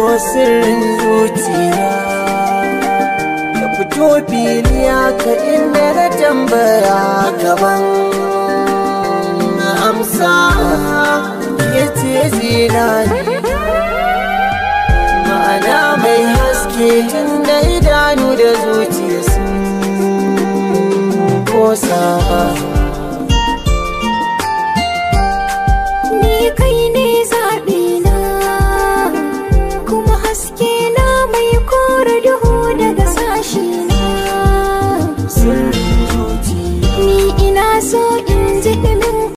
fito sirrin zuciya ya fito filiya ka inda na tambaya gaban amsa ya ce zinani ma'ana mai haske tun da idanu da zuciya sun kosa na so in